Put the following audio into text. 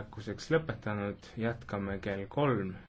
märkuseks lõpetanud, jätkame kell kolm.